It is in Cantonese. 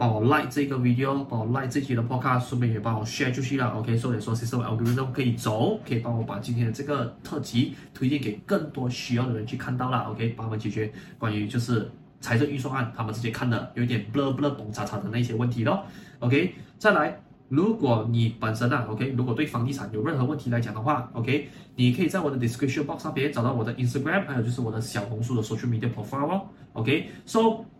幫我 like 這個 video，幫我 like 這期的 podcast，順便也幫我 share 就是去啦。OK，所以說先生，我哋都可以走，可以幫我把今天的這個特輯推薦給更多需要的人去看到啦。OK，幫他們解決關於就是財政預算案，他們自己看的有點 blur blur 懵查查的那些問題咯。OK，再來，如果你本身啊，OK，如果對房地產有任何問題來講的話，OK，你可以在我的 description box 上邊找到我的 Instagram，還有就是我的小紅書的 social media profile 哦。OK，so、okay?